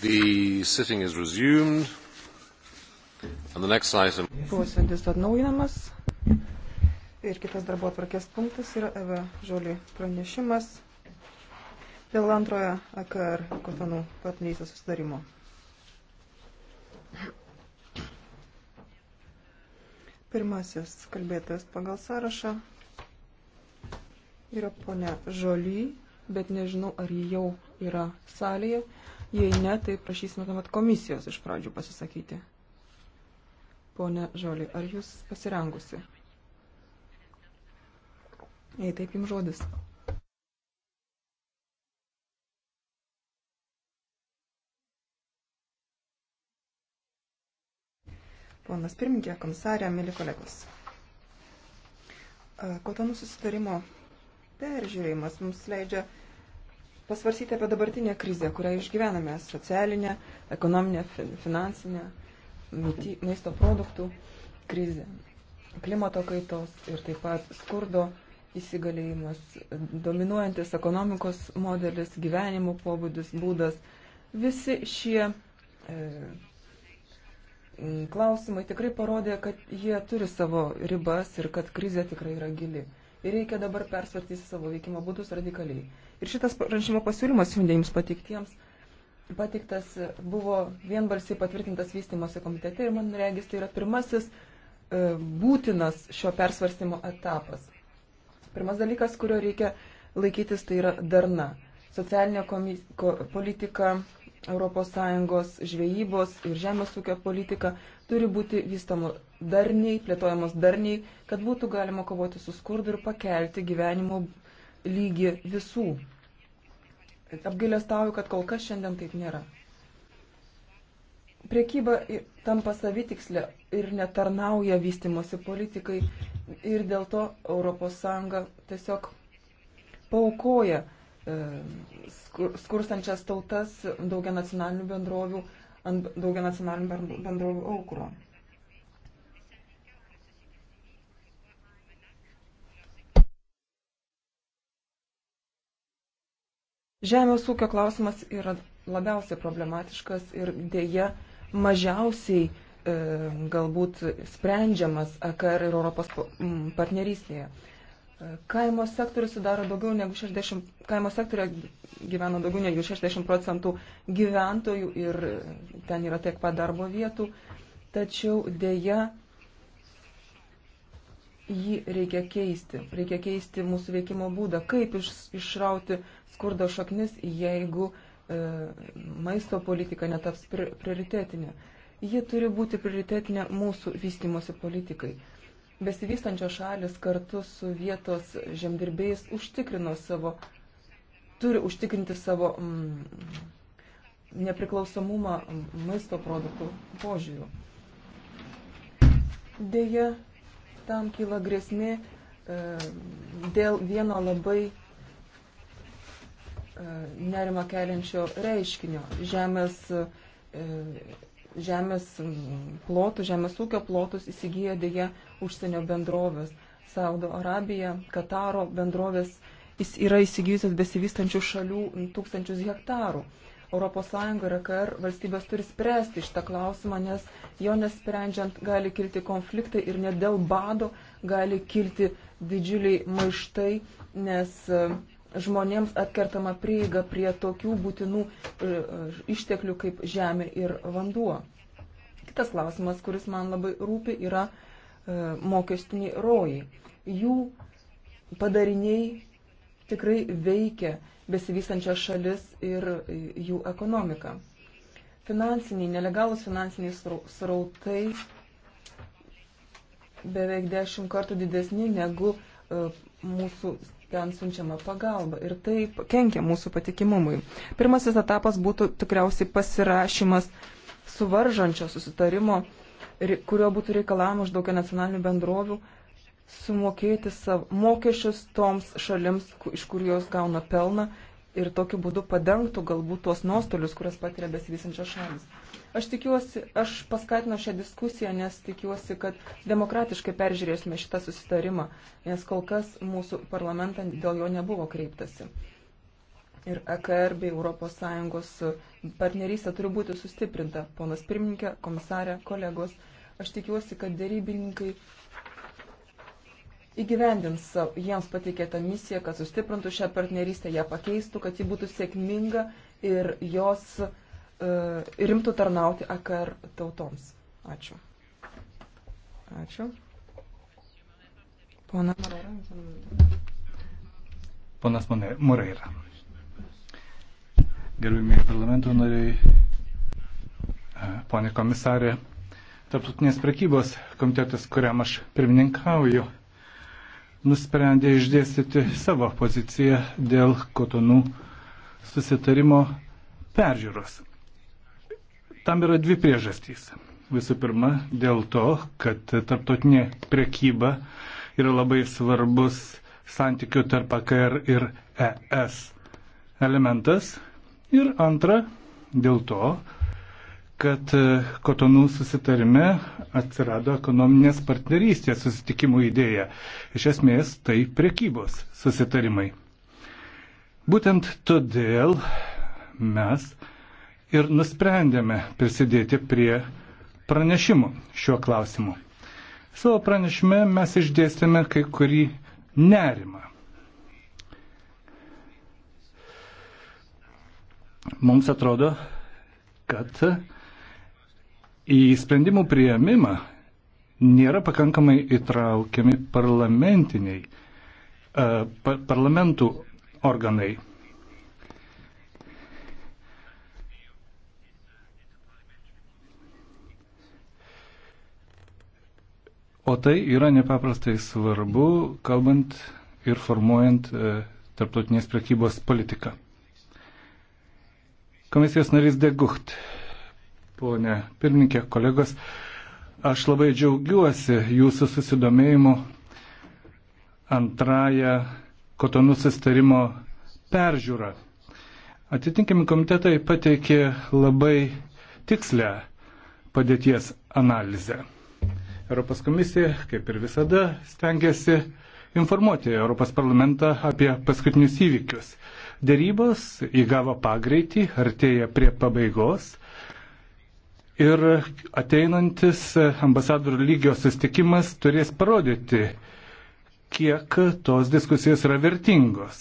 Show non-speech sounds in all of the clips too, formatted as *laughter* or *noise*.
The sitting is resumed. And the next item. Posėdis atnaujinamas. Ir kitas darbo atvarkės punktas yra Eva Žolį pranešimas dėl antrojo AKR kotonų partnerystės susidarimo. Pirmasis kalbėtas pagal sąrašą yra ponia Žolį, bet nežinau, ar ji jau yra salėje. Jei ne, tai prašysime tuomet komisijos iš pradžių pasisakyti. Pone Žolį, ar jūs pasirengusi? Jei taip jums žodis. Ponas pirmininkė, komisarė, mėly kolegos. Kotonų e, susitarimo peržiūrėjimas mums leidžia pasvarsyti apie dabartinę krizę, kurią išgyvename - socialinę, ekonominę, finansinę, maisto produktų krizę, klimato kaitos ir taip pat skurdo įsigalėjimas, dominuojantis ekonomikos modelis, gyvenimo pobūdis, būdas. Visi šie e, klausimai tikrai parodė, kad jie turi savo ribas ir kad krizė tikrai yra gili ir reikia dabar persvartyti savo veikimo būdus radikaliai. Ir šitas pranešimo pasiūlymas šiandien jums pateiktiems pateiktas buvo vienbalsiai patvirtintas vystimosi komitete ir man regis tai yra pirmasis e, būtinas šio persvarstymo etapas. Pirmas dalykas, kurio reikia laikytis, tai yra darna. Socialinė komi ko politika ES žvejybos ir žemės ūkio politika turi būti vystama darniai, plėtojamos darniai, kad būtų galima kovoti su skurdu ir pakelti gyvenimo lygį visų. Apgailestauju, kad kol kas šiandien taip nėra. Priekyba tampa savitikslė ir netarnauja vystimosi politikai ir dėl to ES tiesiog paukoja E, skurstančias tautas daugia nacionalinių bendrovių, ant daugia nacionalinių bendrovių aukuro. Žemės ūkio klausimas yra labiausiai problematiškas ir dėja mažiausiai e, galbūt sprendžiamas AKR ir Europos partnerystėje. Kaimo sektorius sudaro daugiau negu 60, kaimo sektorio gyvena daugiau negu 60 procentų gyventojų ir ten yra tiek pat darbo vietų, tačiau dėja jį reikia keisti, reikia keisti mūsų veikimo būdą, kaip iš, išrauti skurdo šaknis, jeigu e, maisto politika netaps pri, prioritetinė. Ji turi būti prioritetinė mūsų vystimosi politikai. E, besivystančios šalis kartu su vietos žemdirbėjais užtikrino savo, turi užtikrinti savo mm, nepriklausomumą maisto produktų požiūrių. Deja, tam kyla grėsmė e, dėl vieno labai e, nerima keliančio reiškinio - žemės e, žemės plotų, žemės ūkio plotus įsigyja dėje užsienio bendrovės. Saudo Arabija, Kataro bendrovės yra įsigijusios besivystančių šalių tūkstančius hektarų. ES ir AKR valstybės turi spręsti šitą klausimą, nes jo nesprendžiant gali kilti konfliktai ir net dėl bado gali kilti didžiuliai maištai, nes uh, žmonėms atkertama prieiga prie tokių būtinų e, e, išteklių kaip žemė ir vanduo. Kitas klausimas, kuris man labai rūpi, yra e, mokestiniai rojai. Jų padariniai tikrai veikia besivystančias šalis ir jų ekonomiką. Finansiniai, nelegalus finansiniai srautai beveik dešimt kartų didesni negu mūsų ten siunčiama pagalba ir tai kenkia mūsų patikimumui. Pirmasis etapas būtų tikriausiai pasirašymas suvaržančio susitarimo, kurio būtų reikalavimo iš daugia nacionalinių bendrovių sumokėti savo mokesčius toms šalims, iš kur jos gauna pelną ir tokiu būdu padengtų galbūt tuos nuostolius, kurias patiria besivysančios šalis. Aš tikiuosi, aš paskatinu šią diskusiją, nes tikiuosi, kad demokratiškai peržiūrėsime šitą susitarimą, nes kol kas mūsų parlamentą dėl jo nebuvo kreiptasi. Ir EKR bei ES partnerystė turi būti sustiprinta. Ponas pirmininkė, komisarė, kolegos, aš tikiuosi, kad dėrybininkai įgyvendins jiems patikėtą misiją, kad sustiprintų šią partnerystę, ją pakeistų, kad ji būtų sėkminga ir jos E, rimtų tarnauti AKR tautoms. Ačiū. Ačiū. Pona Moreira. Ponas Moreira. Gerbimiai parlamento nariai, e, ponė komisarė, Tarptautinės prekybos komitetas, kuriam aš pirmininkauju, nusprendė išdėstyti savo poziciją dėl kotonų susitarimo peržiūros. Tam yra dvi priežastys. Visų pirma, dėl to, kad tarptautinė priekyba yra labai svarbus santykių tarp AKR ir ES elementas. Ir antra, dėl to, kad Kotonų susitarime atsirado ekonominės partnerystės susitikimų idėja. Iš esmės tai priekybos susitarimai. Būtent todėl mes ir nusprendėme prisidėti prie pranešimų šiuo klausimu. Savo pranešime mes išdėstėme kai kurį nerimą. Mums atrodo, kad į sprendimų prieimimą nėra pakankamai įtraukiami parlamentiniai, e, parlamentų organai. O tai yra nepaprastai svarbu, kalbant ir formuojant e, tarptautinės prekybos politiką. Komisijos narys Degucht, ponė pirmininkė, kolegos, aš labai džiaugiuosi jūsų susidomėjimu antrąją kotonų sustarimo peržiūrą. Atitinkami komitetai pateikė labai tikslę padėties analizę. Europos komisija, kaip ir visada, stengiasi informuoti Europos parlamentą apie paskutinius įvykius. Dėrybos įgavo pagreitį, artėja prie pabaigos. Ir ateinantis ambasadorių lygio sustikimas turės parodyti, kiek tos diskusijos yra vertingos.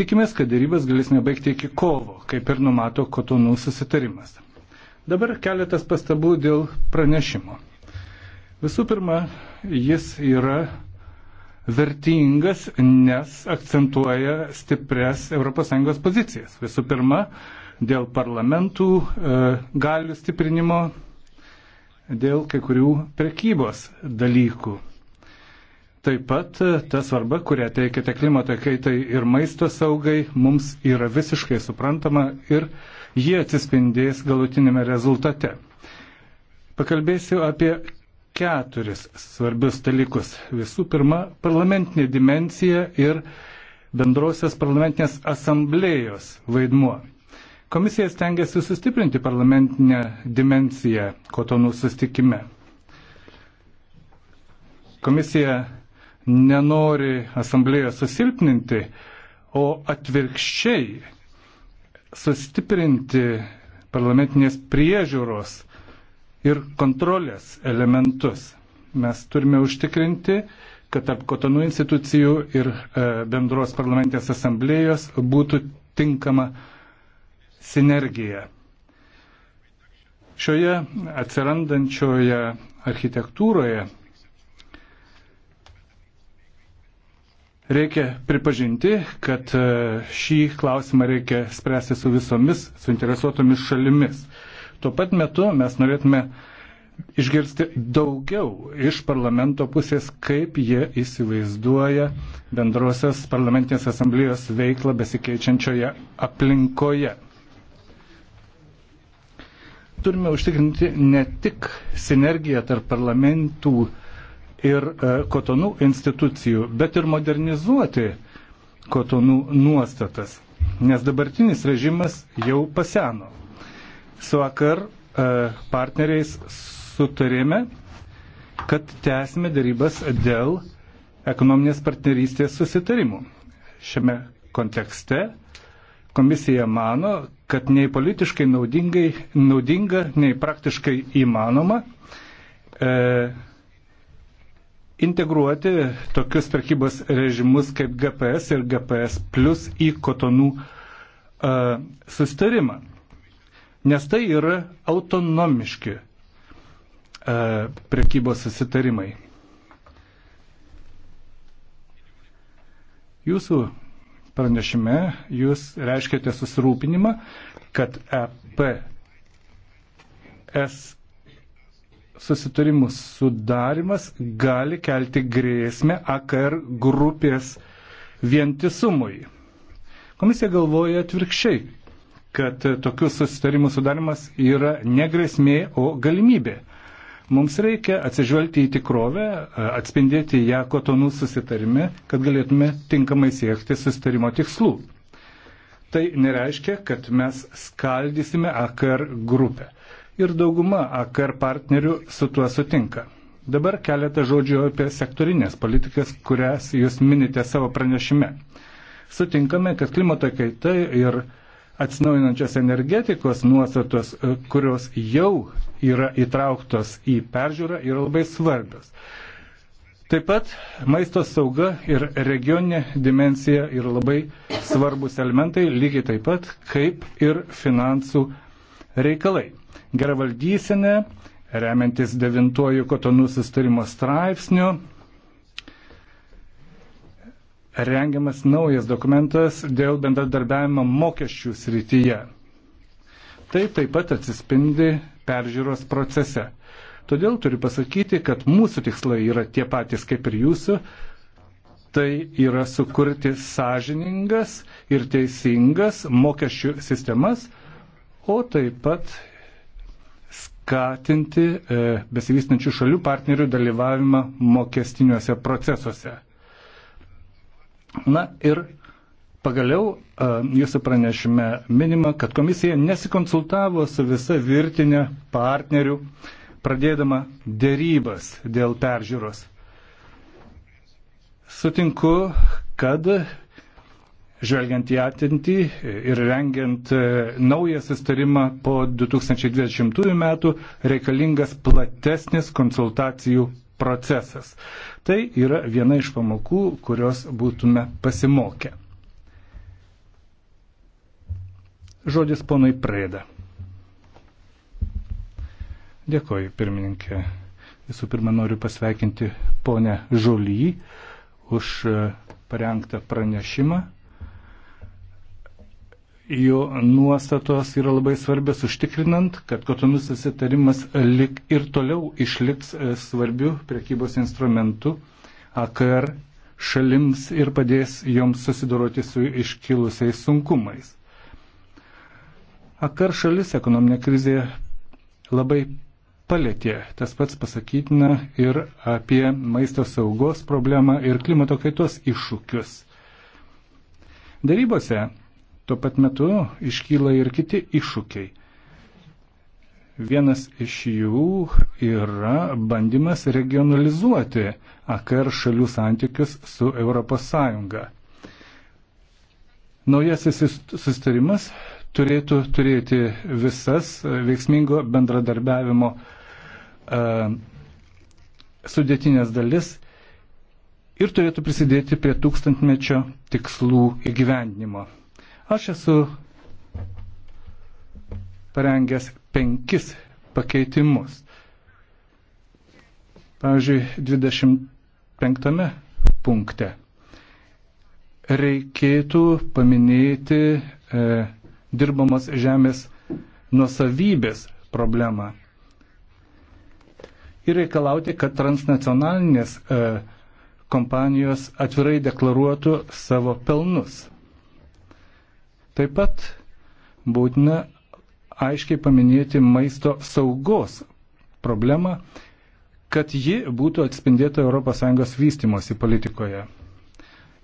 Tikimės, kad dėrybas galėsime baigti iki kovo, kaip ir numato kotonų susitarimas. Dabar keletas pastabų dėl pranešimo. Visų pirma, jis yra vertingas, nes akcentuoja stipres ES pozicijas. Visų pirma, dėl parlamentų e, galių stiprinimo, dėl kai kurių prekybos dalykų. Taip pat e, ta svarba, kurią teikiate klimato kaitai ir maisto saugai, mums yra visiškai suprantama ir jie atsispindės galutinėme rezultate. Pakalbėsiu apie keturis svarbius dalykus. Visų pirma, parlamentinė dimencija ir bendrosios parlamentinės asamblėjos vaidmuo. Komisija stengiasi sustiprinti parlamentinę dimenciją kotonų sustikime. Komisija nenori asamblėjos susilpninti, o atvirkščiai sustiprinti parlamentinės priežiūros ir kontrolės elementus. Mes turime užtikrinti, kad tarp kotonų institucijų ir e, bendros parlamentės asamblėjos būtų tinkama sinergija. Šioje atsirandančioje architektūroje reikia pripažinti, kad e, šį klausimą reikia spręsti su visomis suinteresuotomis šalimis. Tuo pat metu mes norėtume išgirsti daugiau iš parlamento pusės, kaip jie įsivaizduoja bendrosios parlamentinės asamblėjos veiklą besikeičiančioje aplinkoje. Turime užtikrinti ne tik sinergiją tarp parlamentų ir e, kotonų institucijų, bet ir modernizuoti kotonų nuostatas, nes dabartinis režimas jau paseno su vakar e, partneriais sutarėme, kad tęsime darybas dėl ekonominės partnerystės susitarimų. Šiame kontekste komisija mano, kad nei politiškai naudinga, nei praktiškai įmanoma e, integruoti tokius prekybos režimus kaip GPS ir GPS plus į kotonų e, sustarimą nes tai yra autonomiški e, prekybos susitarimai. Jūsų pranešime jūs reiškite susirūpinimą, kad EPS susitarimų sudarimas gali kelti grėsmę AKR grupės vientisumui. Komisija galvoja atvirkščiai, kad tokių susitarimų sudarimas yra ne grėsmė, o galimybė. Mums reikia atsižvelgti į tikrovę, atspindėti ją kotonų susitarime, kad galėtume tinkamai siekti susitarimo tikslų. Tai nereiškia, kad mes skaldysime AKR grupę. Ir dauguma AKR partnerių su tuo sutinka. Dabar keletą žodžių apie sektorinės politikas, kurias jūs minite savo pranešime. Sutinkame, kad klimato kaita ir atsinaujinančios energetikos nuostatos, e, kurios jau yra įtrauktos į peržiūrą, yra labai svarbios. Taip pat maisto sauga ir regioninė dimensija yra labai svarbus elementai, lygiai taip pat kaip ir finansų reikalai. Gera valdysenė, remiantis devintojų kotonų sustarimo straipsnių, rengiamas naujas dokumentas dėl bendradarbiavimo mokesčių srityje. Tai taip pat atsispindi peržiūros procese. Todėl turiu pasakyti, kad mūsų tikslai yra tie patys kaip ir jūsų. Tai yra sukurti sąžiningas ir teisingas mokesčių sistemas, o taip pat skatinti e, besivystančių šalių partnerių dalyvavimą mokestiniuose procesuose. Na ir pagaliau jūsų pranešime minima, kad komisija nesikonsultavo su visa virtinė partnerių, pradėdama dėrybas dėl peržiūros. Sutinku, kad žvelgiant į atintį ir rengiant e, naują sustarimą po 2020 metų reikalingas platesnis konsultacijų procesas. Tai yra viena iš pamokų, kurios būtume pasimokę. Žodis ponui Prėda. Dėkoju, pirmininkė. Visų pirma, noriu pasveikinti ponę Žolį už e, parengtą pranešimą jo nuostatos yra labai svarbios užtikrinant, kad kotonus susitarimas lik ir toliau išliks e, svarbių prekybos instrumentų AKR šalims ir padės joms susidoroti su iškilusiais sunkumais. AKR šalis ekonominė krizė labai palėtė. Tas pats pasakytina ir apie maisto saugos problemą ir klimato kaitos iššūkius. Darybose Tuo pat metu iškyla ir kiti iššūkiai. Vienas iš jų yra bandymas regionalizuoti AKR šalių santykius su ES. Naujasis sustarimas turėtų turėti visas veiksmingo bendradarbiavimo uh, sudėtinės dalis ir turėtų prisidėti prie tūkstantmečio tikslų įgyvendinimo. Aš esu parengęs penkis pakeitimus. Pavyzdžiui, 25 punkte reikėtų paminėti e, dirbamos žemės nusavybės problemą ir reikalauti, kad transnacionalinės e, kompanijos atvirai deklaruotų savo pelnus. Taip pat būtina aiškiai paminėti maisto saugos problemą, kad ji būtų atspindėta ES vystimosi politikoje.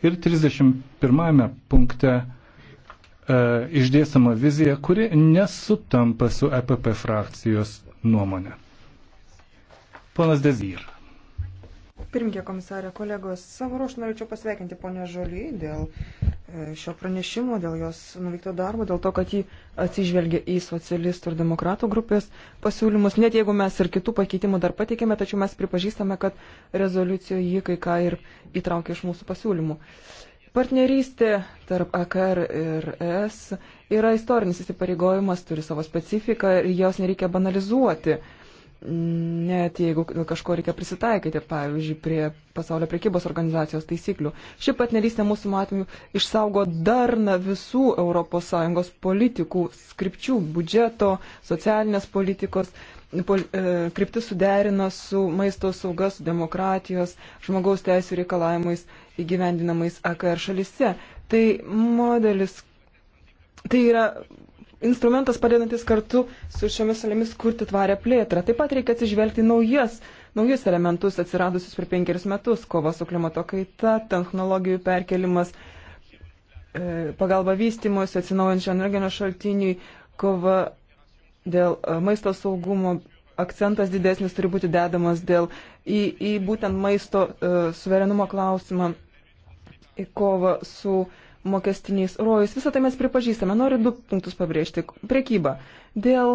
Ir 31 punkte e, išdėstama vizija, kuri nesutampa su EPP frakcijos nuomonė. Ponas Dezir. Pirmininkė komisarė, kolegos, savo ruoštų norėčiau pasveikinti ponę Žolį dėl šio pranešimo, dėl jos nuveikto darbo, dėl to, kad jį atsižvelgia į socialistų ir demokratų grupės pasiūlymus. Net jeigu mes ir kitų pakeitimų dar pateikėme, tačiau mes pripažįstame, kad rezoliucijoje jį kai ką ir įtraukė iš mūsų pasiūlymų. Partnerystė tarp AKR ir ES yra istorinis įsipareigojimas, turi savo specifiką ir jos nereikia banalizuoti. Uh, net jeigu dėl kažko reikia prisitaikyti, pavyzdžiui, prie pasaulio priekybos organizacijos taisyklių. Ši partnerystė mūsų matymu išsaugo darną visų ES politikų skripčių, budžeto, socialinės politikos, pol, e, kryptis suderina su maisto saugas, su demokratijos, žmogaus teisų reikalavimais įgyvendinamais AKR šalise. Tai modelis, tai yra instrumentas padedantis kartu su šiomis šalimis kurti tvarę plėtrą. Taip pat reikia atsižvelgti naujas, naujus elementus atsiradusius per penkerius metus - kova su klimato kaita, technologijų perkelimas, e, pagalba vystimuose, atsinaujančio energinio šaltiniui, kova dėl e, maisto saugumo, akcentas didesnis turi būti dedamas dėl į, į būtent maisto uh, suverenumo klausimą, į kovą su uh, mokestiniais rojus. Visą tai mes pripažįstame. Noriu du punktus pabrėžti. Prekyba. Dėl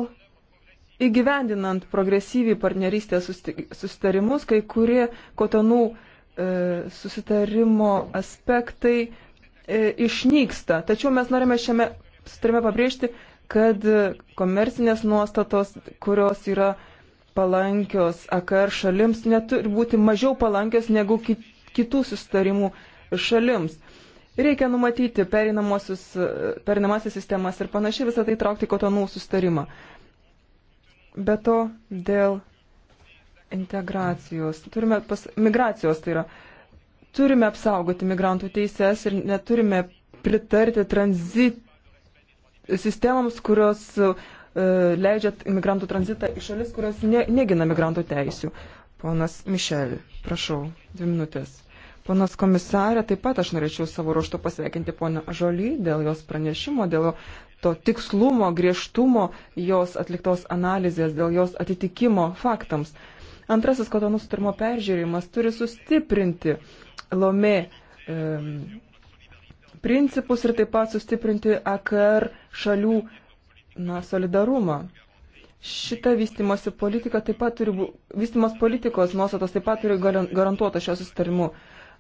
įgyvendinant progresyviai partnerystės susitarimus, kai kurie kotonų e, susitarimo aspektai e, išnyksta. Tačiau mes norime šiame susitarime pabrėžti, kad komercinės nuostatos, kurios yra palankios AKR šalims, neturi būti mažiau palankios negu kitų susitarimų šalims. Reikia numatyti perinamasias sistemas ir panašiai visą tai traukti kotonų sustarimą. Be to, dėl integracijos, turime pas, migracijos tai yra, turime apsaugoti migrantų teises ir neturime pritarti tranzit sistemams, kurios uh, leidžia migrantų tranzitą į šalis, kurios ne, negina migrantų teisių. Ponas Mišel, prašau, dvi minutės. Ponas komisarė, taip pat aš norėčiau savo ruoštų pasveikinti ponę Žolį dėl jos pranešimo, dėl to tikslumo, griežtumo jos atliktos analizės, dėl jos atitikimo faktams. Antrasis kotonų sutarimo peržiūrėjimas turi sustiprinti Lomė e, principus ir taip pat sustiprinti AKR šalių na, solidarumą. Šita vystimosi politika taip pat turi būti, vystimos politikos nuostatos taip pat turi garantuota šio sustarimu.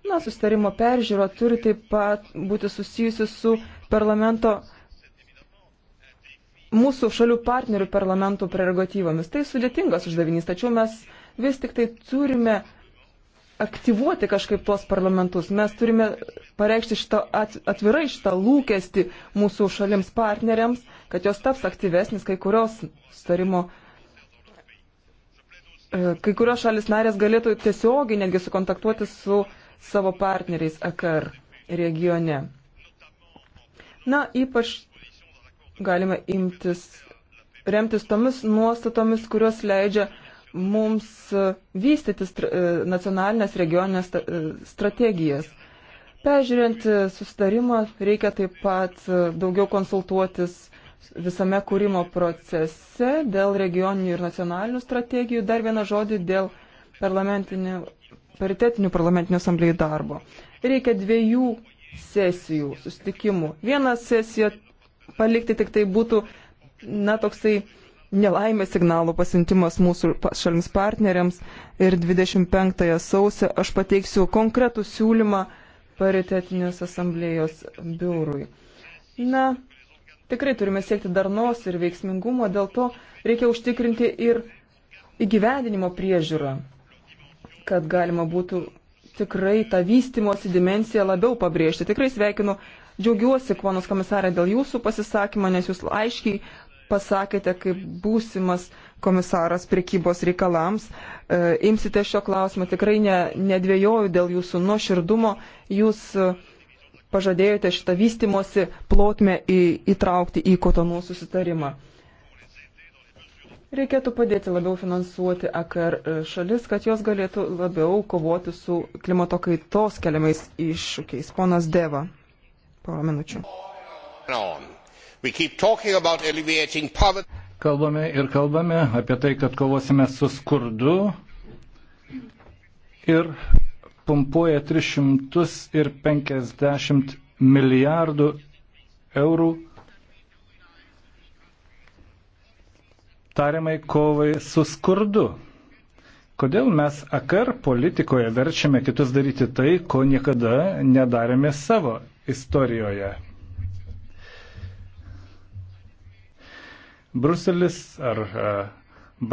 Na, sustarimo peržiūro turi taip pat būti susijusi su parlamento, mūsų šalių partnerių parlamentų prerogatyvomis. Tai sudėtingas uždavinys, tačiau mes vis tik tai turime aktyvuoti kažkaip tuos parlamentus. Mes turime pareikšti šitą at, atvirai šitą lūkestį mūsų šalims partneriams, kad jos taps aktyvesnis kai kurios starimo. E, kai kurios šalis narės galėtų tiesiogiai netgi sukontaktuoti su uh, savo partneriais AKR regione. Na, ypač galime imtis, remtis tomis nuostatomis, kurios leidžia mums e, vystyti e, nacionalinės regioninės e, strategijas. Pežiūrint sustarimą, reikia taip pat daugiau konsultuotis visame kūrimo procese dėl regioninių ir nacionalinių strategijų. Dar vieną žodį dėl parlamentinių paritetinių parlamentinių asamblėjų darbo. Reikia dviejų sesijų, susitikimų. Vieną sesiją palikti tik tai būtų, na, toksai nelaimės signalų pasintimas mūsų šalims partneriams ir 25 sausio aš pateiksiu konkretų siūlymą paritetinės asamblėjos biurui. Na, tikrai turime siekti darnos ir veiksmingumo, dėl to reikia užtikrinti ir įgyvendinimo priežiūrą kad galima būtų tikrai tą vystimosi dimenciją labiau pabrėžti. Tikrai sveikinu, džiaugiuosi, ponas komisarė, dėl jūsų pasisakymą, nes jūs aiškiai pasakėte, kaip būsimas komisaras prekybos reikalams. E, imsite šio klausimo, tikrai ne, nedvėjoju dėl jūsų nuoširdumo. Jūs e, pažadėjote šitą vystimosi plotmę į, įtraukti į kotonų susitarimą. Reikėtų padėti labiau finansuoti AKR e, šalis, kad jos galėtų labiau kovoti su klimato kaitos keliamais iššūkiais. Ponas Deva, porą minučių. Kalbame ir kalbame apie tai, kad kovosime su skurdu ir pumpuoja 350 milijardų eurų tariamai kovai su skurdu. Kodėl mes akar politikoje verčiame kitus daryti tai, ko niekada nedarėme savo istorijoje? Bruselis ar e,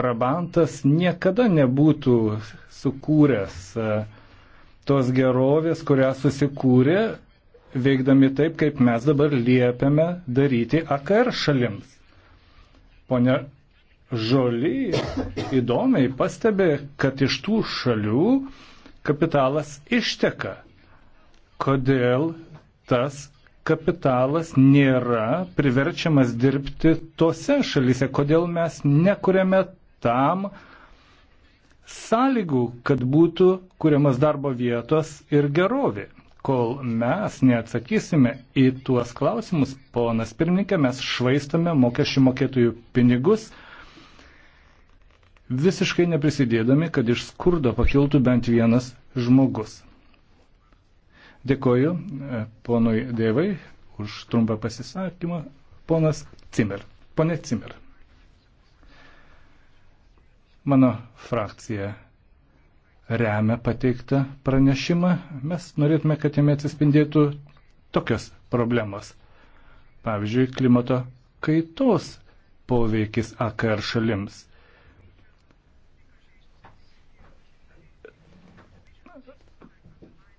Brabantas niekada nebūtų sukūręs e, tos gerovės, kurią susikūrė, veikdami taip, kaip mes dabar liepiame daryti AKR šalims. Pone Žoly įdomiai pastebė, kad iš tų šalių kapitalas išteka. Kodėl tas kapitalas nėra priverčiamas dirbti tose šalyse? Kodėl mes nekuriame tam sąlygų, kad būtų kuriamas darbo vietos ir gerovė? Kol mes neatsakysime į tuos klausimus, ponas pirmininkė, mes švaistome mokesčių mokėtojų pinigus, visiškai neprisidėdami, kad iš skurdo pakiltų bent vienas žmogus. Dėkoju e, ponui Dievai už trumpą pasisakymą. Ponas Cimer. Pone Cimer. Mano frakcija remia pateiktą pranešimą. Mes norėtume, kad jame atsispindėtų tokios problemos. Pavyzdžiui, klimato kaitos poveikis AKR šalims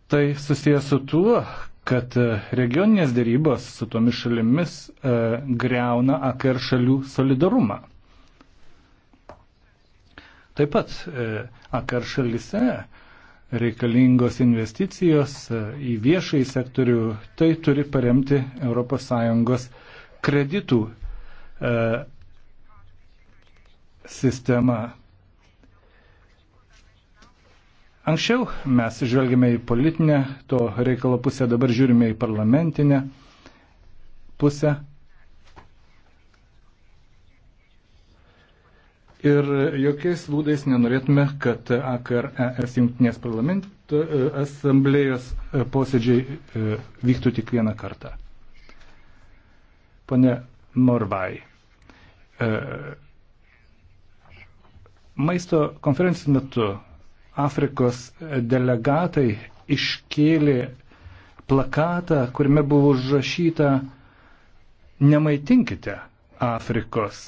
Tai susijęs su tuo, kad e, regioninės dėrybos su tomis šalimis e, greuna AKR šalių solidarumą. Taip pat e, AKR šalise reikalingos investicijos e, į viešai sektorių, tai turi paremti ES kreditų e, sistemą. Anksčiau mes žvelgėme į politinę to reikalo pusę, dabar žiūrime į parlamentinę pusę. Ir jokiais būdais nenorėtume, kad AKRES jungtinės parlamento e, asamblėjos e, posėdžiai e, vyktų tik vieną kartą. Pane Morvai, maisto konferencijų metu Afrikos delegatai iškėlė plakatą, kuriame buvo užrašyta Nemaitinkite Afrikos.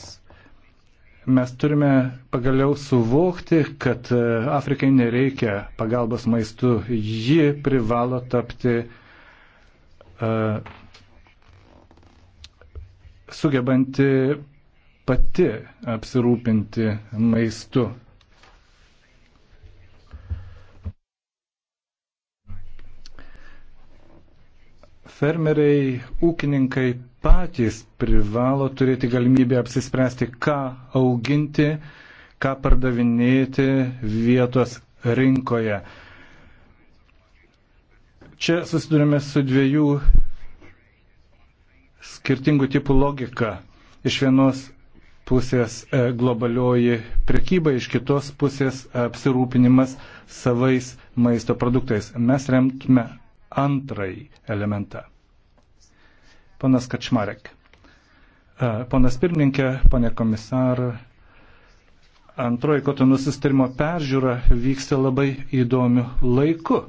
Mes turime pagaliau suvokti, kad e, Afrikai nereikia pagalbos maistu, ji privalo tapti uh, sugebanti pati apsirūpinti maistu. Fermeriai, ūkininkai patys privalo turėti galimybę apsispręsti, ką auginti, ką pardavinėti vietos rinkoje. Čia susidurime su dviejų skirtingų tipų logika. Iš vienos pusės e, globalioji prekyba, iš kitos pusės apsirūpinimas savais maisto produktais. Mes remtume antrąjį elementą. Ponas Kačmarek. E, ponas pirmininkė, ponė komisar, antroji kotonų sustarimo peržiūra vyksta labai įdomiu laiku. E,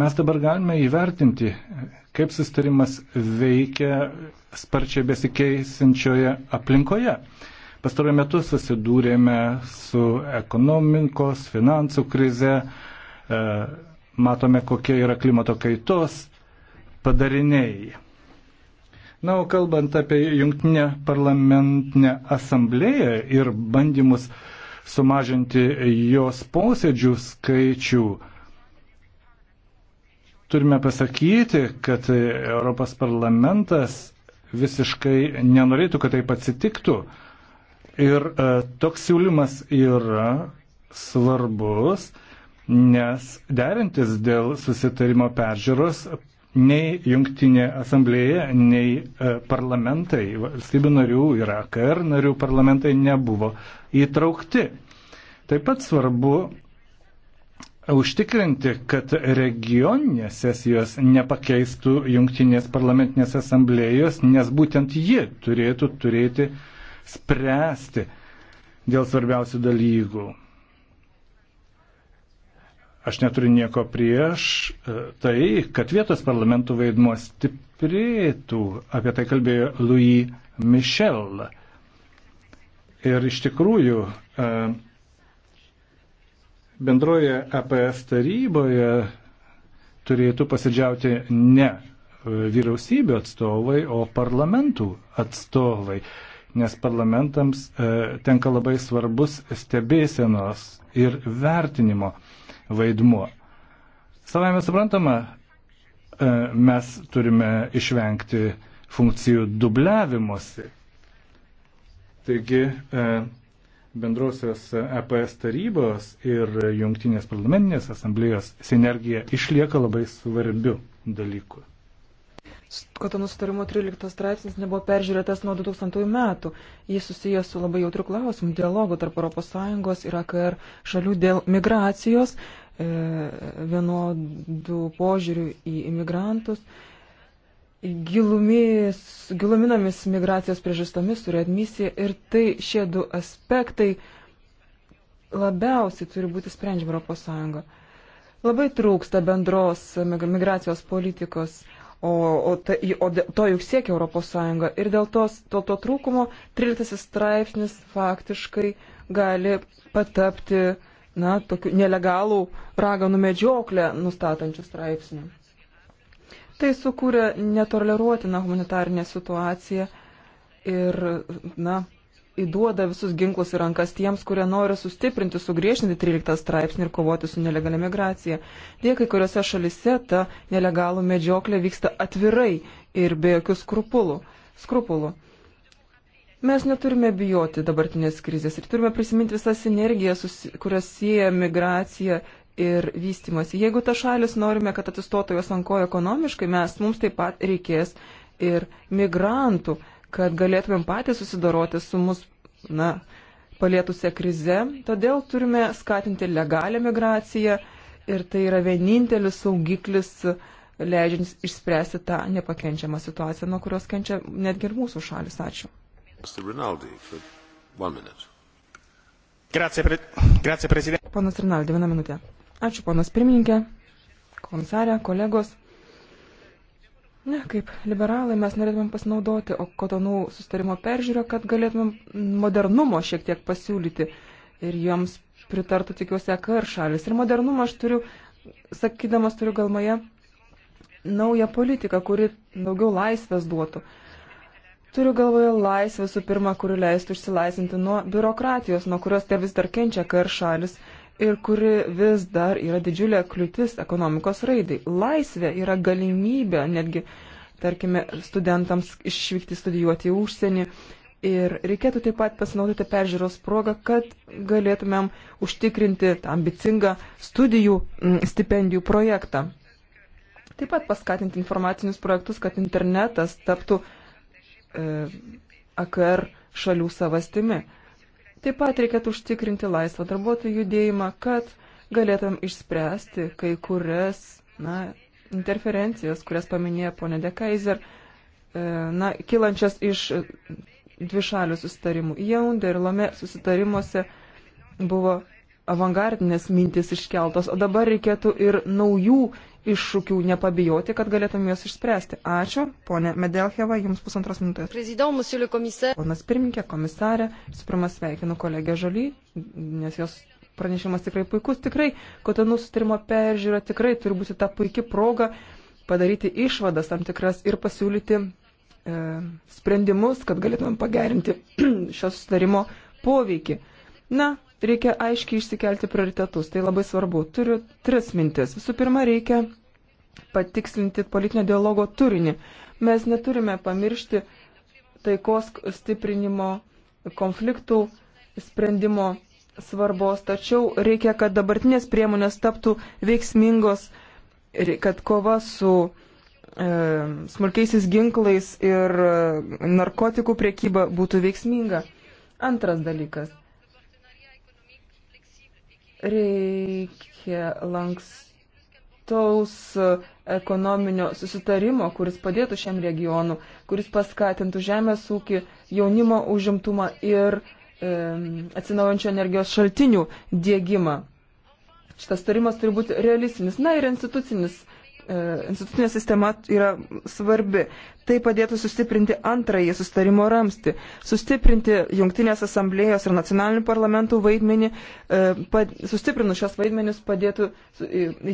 mes dabar galime įvertinti, kaip sustarimas veikia sparčiai besikeisinčioje aplinkoje. Pastaruoju metu susidūrėme su ekonomikos, finansų krize, e, matome, kokie yra klimato kaitos padariniai. Na, o kalbant apie jungtinę parlamentinę asamblėją ir bandymus sumažinti jos posėdžių skaičių, turime pasakyti, kad Europos parlamentas visiškai nenorėtų, kad taip atsitiktų. Ir e, toks siūlymas yra svarbus, nes derintis dėl susitarimo peržiūros Nei jungtinė asamblėje, nei e, parlamentai, valstybių narių ir AKR narių parlamentai nebuvo įtraukti. Taip pat svarbu užtikrinti, kad regioninės sesijos nepakeistų jungtinės parlamentinės asamblėjos, nes būtent ji turėtų turėti spręsti dėl svarbiausių dalykų. Aš neturiu nieko prieš e, tai, kad vietos parlamentų vaidmuo stiprėtų. Apie tai kalbėjo Louis Michel. Ir iš tikrųjų e, bendroje APS e taryboje turėtų pasidžiauti ne vyriausybių atstovai, o parlamentų atstovai, nes parlamentams tenka labai svarbus stebėsenos ir vertinimo vaidmuo. Savai mes suprantama, e, mes turime išvengti funkcijų dubliavimuose. Taigi e, bendrosios EPS tarybos ir jungtinės parlamentinės asamblėjos sinergija išlieka labai svarbiu dalyku. Kotonų sutarimo 13 straipsnis nebuvo peržiūrėtas nuo 2000 metų. Jis susijęs su labai jautriu klausimu - dialogu tarp ES ir AKR šalių dėl migracijos, e, vienodų požiūrių į imigrantus, gilumis, giluminamis migracijos priežastomis, readmisija ir tai šie du aspektai labiausiai turi būti sprendžiami ES. Labai trūksta bendros migracijos politikos O, o, ta, o to juk siekia ES. Ir dėl, tos, dėl to trūkumo 13 straipsnis faktiškai gali patapti, na, tokiu nelegalų raganų medžioklę nustatančių straipsnių. Tai sukūrė netoleruotiną humanitarinę situaciją ir, na, įduoda visus ginklus į rankas tiems, kurie nori sustiprinti, sugriešinti 13 straipsnį ir kovoti su nelegalia migracija. Tie, kai kuriuose šalise ta nelegalų medžioklė vyksta atvirai ir be jokių skrupulų. skrupulų. Mes neturime bijoti dabartinės krizės ir turime prisiminti visas sinergijas, kurias sieja migracija ir vystimasi. Jeigu ta šalis norime, kad atsistotų jos ankojo ekonomiškai, mes, mums taip pat reikės ir migrantų kad galėtumėm patys susidoroti su mus, na, palietusią krize. Todėl turime skatinti legalią migraciją ir tai yra vienintelis saugiklis, leidžiantis išspręsti tą nepakenčiamą situaciją, nuo kurios kenčia netgi ir mūsų šalis. Ačiū. Rinaldi, Grazie, pre... Grazie, Ponas Rinaldi, vieną minutę. Ačiū, ponas pirmininkė, komisarė, kolegos. Ne, kaip liberalai mes norėtumėm pasinaudoti Okotonų sustarimo peržiūrą, kad galėtumėm modernumo šiek tiek pasiūlyti ir joms pritartų tikiuosi AKR šalis. Ir modernumą aš turiu, sakydamas, turiu galvoje naują politiką, kuri daugiau laisvės duotų. Turiu galvoje laisvę visų pirma, kuri leistų išsilaisvinti nuo biurokratijos, nuo kurios tie vis dar kenčia AKR šalis ir kuri vis dar yra didžiulė kliūtis ekonomikos raidai. Laisvė yra galimybė netgi, tarkime, studentams išvykti studijuoti į užsienį. Ir reikėtų taip pat pasinaudoti peržiūros progą, kad galėtumėm užtikrinti tą ambicingą studijų mm, stipendijų projektą. Taip pat paskatinti informacinius projektus, kad internetas taptų e, AKR šalių savastimi. E, Taip pat reikėtų užtikrinti laisvą darbuotojų judėjimą, kad galėtum išspręsti kai kurias na, interferencijas, kurias paminėjo ponė Dekaiser, e, na, kilančias iš dvišalių susitarimų. Jaundė ir Lome susitarimuose buvo avangardinės mintis iškeltos, o dabar reikėtų ir naujų iššūkių nepabijoti, kad galėtum juos išspręsti. Ačiū, ponė Medelcheva, jums pusantros minutės. Ponas pirmininkė, komisarė, suprama sveikinu kolegę Žaly, nes jos pranešimas tikrai puikus, tikrai, kotenų sutarimo peržiūra tikrai turi būti ta puikia proga padaryti išvadas tam tikras ir pasiūlyti e, sprendimus, kad galėtumėm pagerinti *clears throat* šio sutarimo poveikį. Na, Reikia aiškiai išsikelti prioritetus, tai labai svarbu. Turiu tris mintis. Visų pirma, reikia patikslinti politinio dialogo turinį. Mes neturime pamiršti taikos stiprinimo, konfliktų sprendimo svarbos, tačiau reikia, kad dabartinės priemonės taptų veiksmingos, kad kova su e, smulkiaisiais ginklais ir e, narkotikų priekyba būtų veiksminga. Antras dalykas Reikia lankstaus ekonominio susitarimo, kuris padėtų šiam regionu, kuris paskatintų žemės ūkį, jaunimo užimtumą ir e, atsinaujančio energijos šaltinių dėgymą. Šitas tarimas turi būti realistinis, na ir institucinis E, institucinė sistema yra svarbi. Tai padėtų sustiprinti antrąjį sustarimo ramstį, sustiprinti jungtinės asamblėjos ir nacionalinių parlamentų vaidmenį, e, sustiprinus šios vaidmenis padėtų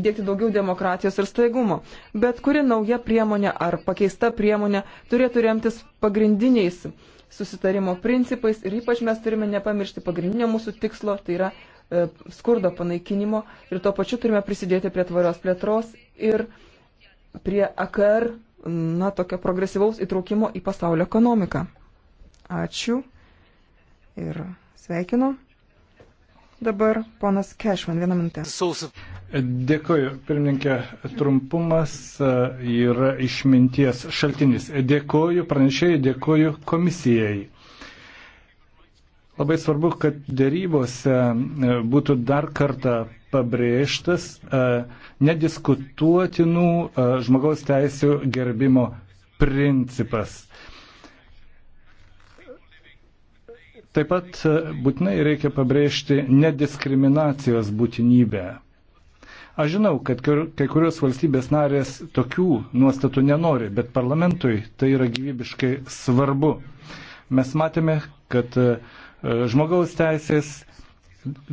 įdėkti daugiau demokratijos ir staigumo. Bet kuri nauja priemonė ar pakeista priemonė turėtų remtis pagrindiniais susitarimo principais ir ypač mes turime nepamiršti pagrindinio mūsų tikslo, tai yra E, skurdo panaikinimo ir tuo pačiu turime prisidėti prie tvarios plėtros ir prie AKR, na, tokio progresyvaus įtraukimo į pasaulio ekonomiką. Ačiū ir sveikinu. Dabar ponas Kešman, vieną minutę. Dėkuoju, pirmininkė, trumpumas e, yra išminties šaltinis. Dėkuoju pranešėjai, dėkuoju komisijai. Labai svarbu, kad dėrybose e, būtų dar kartą pabrėžtas e, nediskutuotinų e, žmogaus teisų gerbimo principas. Taip pat būtinai reikia pabrėžti nediskriminacijos būtinybę. Aš žinau, kad kai kurios valstybės narės tokių nuostatų nenori, bet parlamentui tai yra gyvybiškai svarbu. Mes matėme, kad uh, žmogaus teisės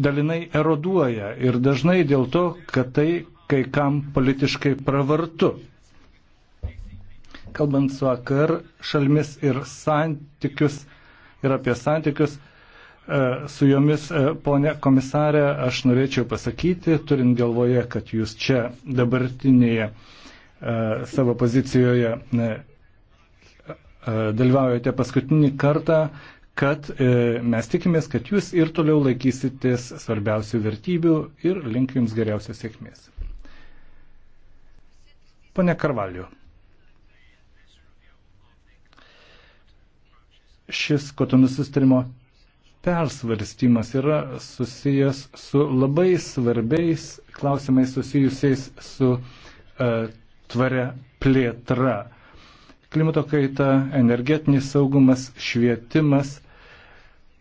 dalinai eroduoja ir dažnai dėl to, kad tai kai kam politiškai pravartu. Kalbant su AKR šalmis ir santykius, ir apie santykius, e, su jomis, e, ponė komisarė, aš norėčiau pasakyti, turint galvoje, kad jūs čia dabartinėje e, savo pozicijoje dalyvaujate paskutinį kartą, kad e, mes tikimės, kad jūs ir toliau laikysitės svarbiausių vertybių ir link jums geriausios sėkmės. Pane Karvaliu. Šis kotonų sustarimo persvarstymas yra susijęs su labai svarbiais klausimais susijusiais su uh, tvaria plėtra. Klimato kaita, energetinis saugumas, švietimas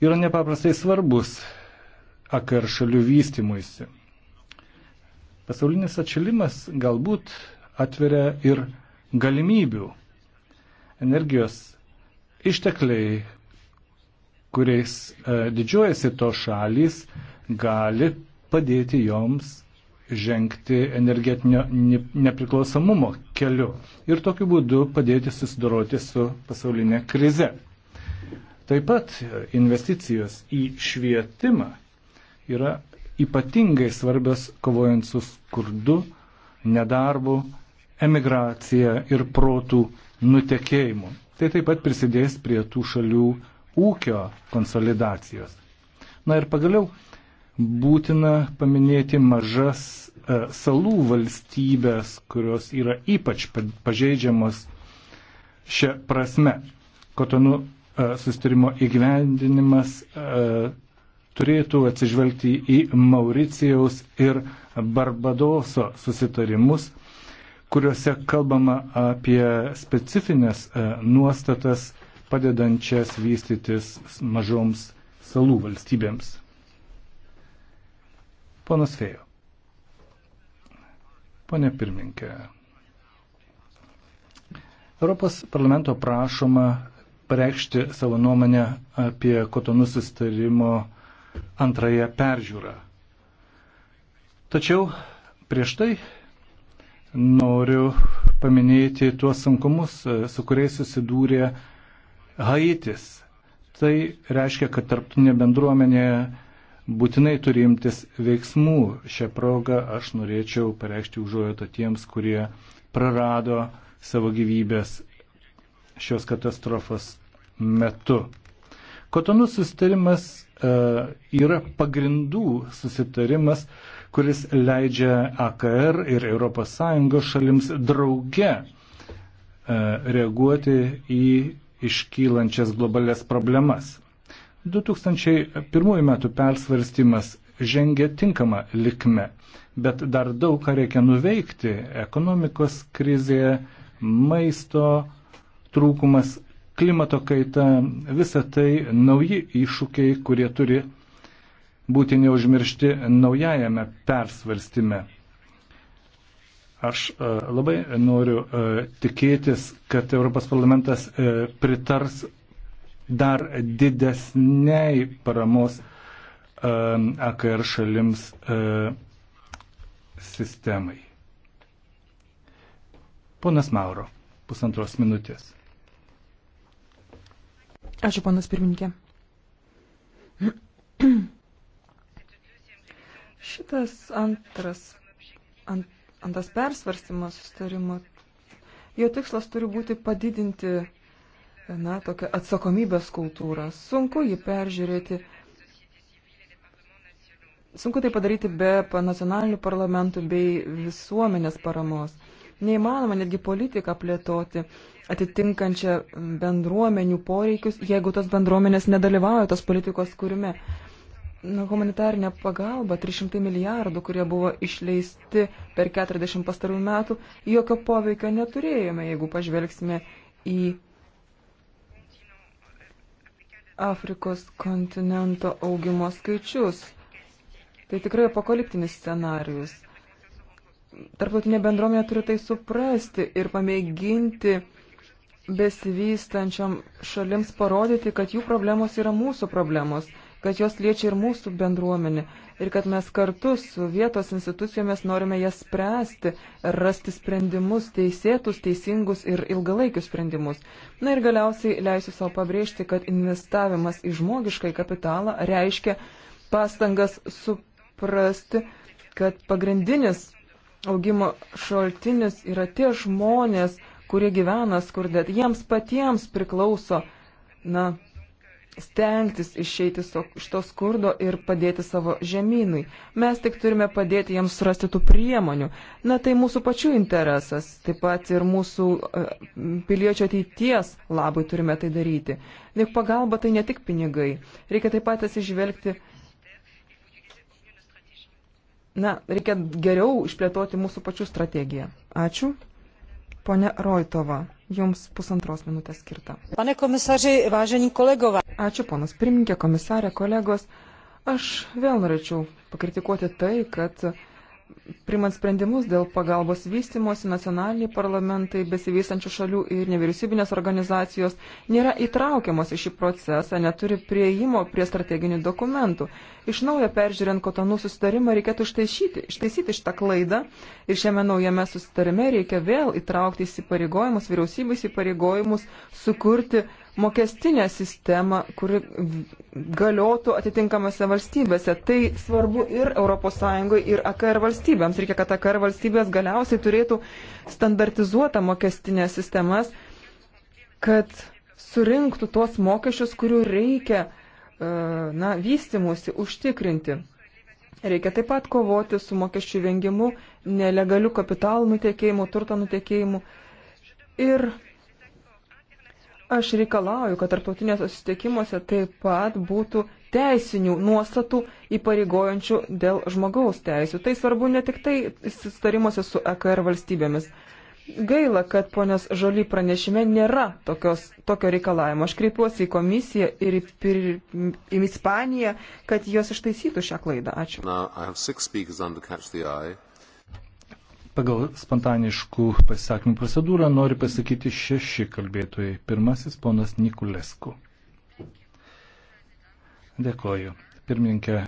yra nepaprastai svarbus AKR šalių vystimuisi. Pasaulinis atšilimas galbūt atveria ir galimybių. Energijos ištekliai, kuriais e, didžiuojasi to šalys, gali padėti joms žengti energetinio nepriklausomumo keliu ir tokiu būdu padėti susidoroti su pasaulinė krize. Taip pat investicijos į švietimą yra ypatingai svarbios kovojant su skurdu, nedarbu, emigracija ir protų nutekėjimu. Tai taip pat prisidės prie tų šalių ūkio konsolidacijos. Na ir pagaliau būtina paminėti mažas e, salų valstybės, kurios yra ypač pažeidžiamos šią prasme. Kotonų E, sustarimo įgyvendinimas e, turėtų atsižvelgti į Mauricijaus ir Barbadoso susitarimus, kuriuose kalbama apie specifines e, nuostatas padedančias vystytis mažoms salų valstybėms. Ponas Fejo. Pone pirmininkė. Europos parlamento prašoma pareikšti savo nuomonę apie kotonų sustarimo antrąją peržiūrą. Tačiau prieš tai noriu paminėti tuos sunkumus, su kuriais susidūrė Haitis. Tai reiškia, kad tarptinė bendruomenė būtinai turi imtis veiksmų. Šią progą aš norėčiau pareikšti užuojotą tiems, kurie prarado savo gyvybės šios katastrofos metu. Kotonų susitarimas e, yra pagrindų susitarimas, kuris leidžia AKR ir ES šalims drauge e, reaguoti į iškylančias globales problemas. 2001 m. persvarstymas žengia tinkamą likmę, bet dar daug ką reikia nuveikti ekonomikos krizėje, maisto, trūkumas, klimato kaita, visa tai nauji iššūkiai, kurie turi būti neužmiršti naujajame persvarstime. Aš e, labai noriu e, tikėtis, kad Europos parlamentas e, pritars dar didesniai paramos AKR šalims sistemai. Ponas Mauro, pusantros minutės. Ačiū, panas pirmininkė. Šitas antras, ant, antras persvarstymas sustarimo, jo tikslas turi būti padidinti, na, tokią atsakomybės kultūrą. Sunku jį peržiūrėti, sunku tai padaryti be nacionalinių parlamentų bei visuomenės paramos. Neįmanoma netgi politiką plėtoti atitinkančią bendruomenių poreikius, jeigu tos bendruomenės nedalyvauja tos politikos kūrime. Nu, humanitarinė pagalba, 300 milijardų, kurie buvo išleisti per 40 pastarųjų metų, jokio poveikio neturėjome, jeigu pažvelgsime į Afrikos kontinento augimo skaičius. Tai tikrai apokaliptinis scenarius tarptautinė bendruomenė turi tai suprasti ir pamėginti besivystančiam šalims parodyti, kad jų problemos yra mūsų problemos, kad jos liečia ir mūsų bendruomenę ir kad mes kartu su vietos institucijomis norime jas spręsti, rasti sprendimus, teisėtus, teisingus ir ilgalaikius sprendimus. Na ir galiausiai leisiu savo pabrėžti, kad investavimas į žmogiškai kapitalą reiškia pastangas suprasti, kad pagrindinis augimo šaltinis yra tie žmonės, kurie gyvena skurdė. Jiems patiems priklauso na, stengtis išeiti iš to skurdo ir padėti savo žemynui. Mes tik turime padėti jiems surasti tų priemonių. Na tai mūsų pačių interesas, taip pat ir mūsų e, piliečio ateities labai turime tai daryti. Juk pagalba tai ne tik pinigai. Reikia taip pat atsižvelgti na, reikia geriau išplėtoti mūsų pačių strategiją. Ačiū. Pone Roitova, jums pusantros minutės skirta. Pane komisarai, važinį kolegovą. Ačiū, ponas pirmininkė, komisarė, kolegos. Aš vėl norėčiau pakritikuoti tai, kad primant sprendimus dėl pagalbos vystimosi, nacionaliniai parlamentai, besivystančių šalių ir nevyriausybinės organizacijos nėra įtraukiamos į šį procesą, neturi prieimo prie strateginių dokumentų. Iš naujo peržiūrint kotonų susitarimą reikėtų ištaisyti, ištaisyti šitą klaidą ir šiame naujame susitarime reikia vėl įtraukti įsipareigojimus, vyriausybės įpareigojimus, sukurti mokestinę sistemą, kuri galiotų atitinkamose valstybėse. Tai svarbu ir ES, ir AKR valstybėms. Reikia, kad AKR valstybės galiausiai turėtų standartizuotą mokestinę sistemas, kad surinktų tuos mokesčius, kurių reikia e, na, vystimusi užtikrinti. Reikia taip pat kovoti su mokesčių vengimu, nelegaliu kapitalo nutekėjimu, turto nutekėjimu ir Aš reikalauju, kad tarptautinėse susitikimuose taip pat būtų teisinių nuostatų įpareigojančių dėl žmogaus teisų. Tai svarbu ne tik tai sustarimuose su EKR valstybėmis. Gaila, kad ponios Žoly pranešime nėra tokios, tokio reikalavimo. Aš kreipiuosi į komisiją ir į, pir, į Ispaniją, kad jos ištaisytų šią klaidą. Ačiū. Now, Pagal spontaniškų pasisakymų procedūrą nori pasakyti šeši kalbėtojai. Pirmasis ponas Nikulesku. Dėkoju. Pirmininkė,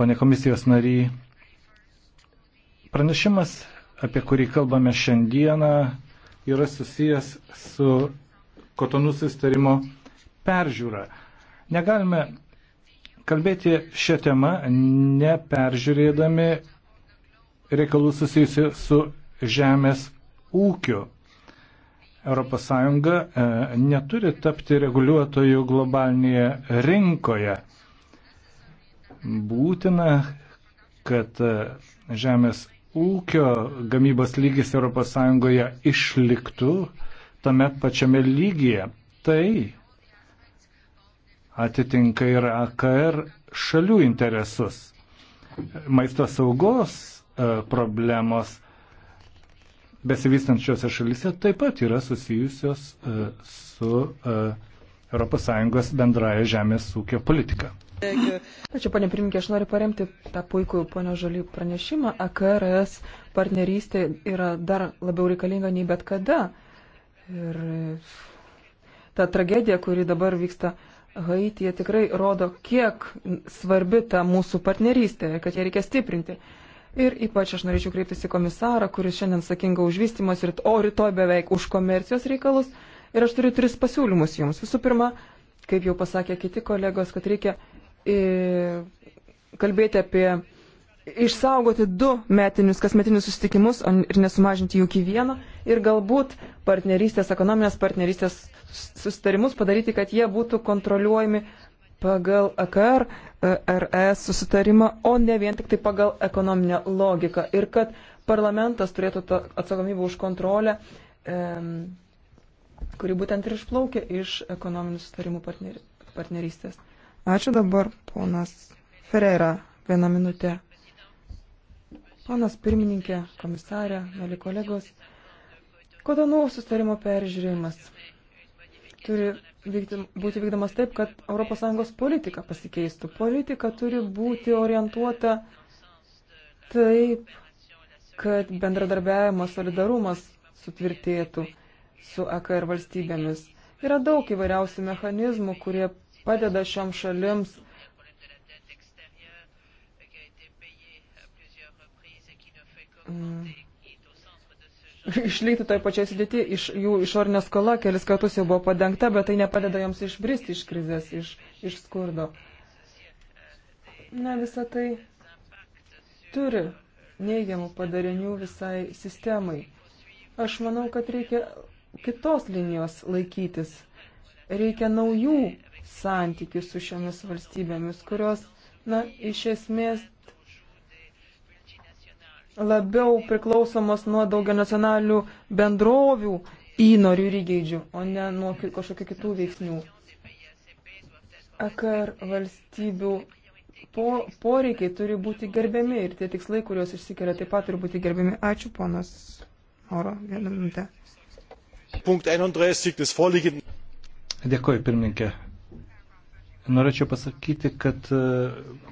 pane komisijos nariai, pranešimas, apie kurį kalbame šiandieną, yra susijęs su kotonų sustarimo peržiūra. Negalime kalbėti šią temą neperžiūrėdami reikalų susijusių su žemės ūkiu. ES e, neturi tapti reguliuotojų globalinėje rinkoje. Būtina, kad e, žemės ūkio gamybos lygis ES išliktų tame pačiame lygyje. Tai atitinka ir AKR šalių interesus. Maisto saugos E, problemos besivystančiose šalise taip pat yra susijusios e, su ES bendraja žemės ūkio politika. Ačiū, ponė pirmininkė, aš noriu paremti tą puikų ponio Žalį pranešimą. AKRS partnerystė yra dar labiau reikalinga nei bet kada. Ir ta tragedija, kuri dabar vyksta Haityje, tikrai rodo, kiek svarbi ta mūsų partnerystė, kad ją reikia stiprinti. Ir ypač aš norėčiau kreiptis į komisarą, kuris šiandien sakinga už vystimas, o rytoj beveik už komercijos reikalus. Ir aš turiu tris pasiūlymus jums. Visų pirma, kaip jau pasakė kiti kolegos, kad reikia į, e, kalbėti apie išsaugoti du metinius, kasmetinius susitikimus ir nesumažinti jų iki vieno. Ir galbūt partnerystės, ekonominės partnerystės susitarimus padaryti, kad jie būtų kontroliuojami pagal AKR E RS e susitarimą, o ne vien tik tai pagal ekonominę logiką. Ir kad parlamentas turėtų atsakomybę už kontrolę, kuri būtent ir išplaukia iš ekonominių susitarimų partnerystės. Ačiū dabar, ponas Ferreira, vieną minutę. Ponas pirmininkė, komisarė, mėly kolegos, kodėl naujo sustarimo peržiūrėjimas? turi vykdym, būti vykdomas taip, kad ES politika pasikeistų. Politika turi būti orientuota taip, kad bendradarbiavimas, solidarumas sutvirtėtų su AKR valstybėmis. Yra daug įvairiausių mechanizmų, kurie padeda šiom šalims mm išlikti toje pačioje sudėti, iš, jų išorinė skola kelis kartus jau buvo padengta, bet tai nepadeda joms išbristi iš krizės, iš, iš skurdo. Na, visa tai turi neigiamų padarinių visai sistemai. Aš manau, kad reikia kitos linijos laikytis. Reikia naujų santykių su šiomis valstybėmis, kurios, na, iš esmės labiau priklausomos nuo daugia nacionalių bendrovių įnorių ir įgeidžių, o ne nuo kažkokių kitų veiksnių. AKR valstybių po, poreikiai turi būti gerbiami ir tie tikslai, kuriuos išsikelia, taip pat turi būti gerbiami. Ačiū, ponas Oro, vieną minutę. Punkt 31 des vorliegenden. Dėkoju, pirmininkė. Norėčiau pasakyti, kad e,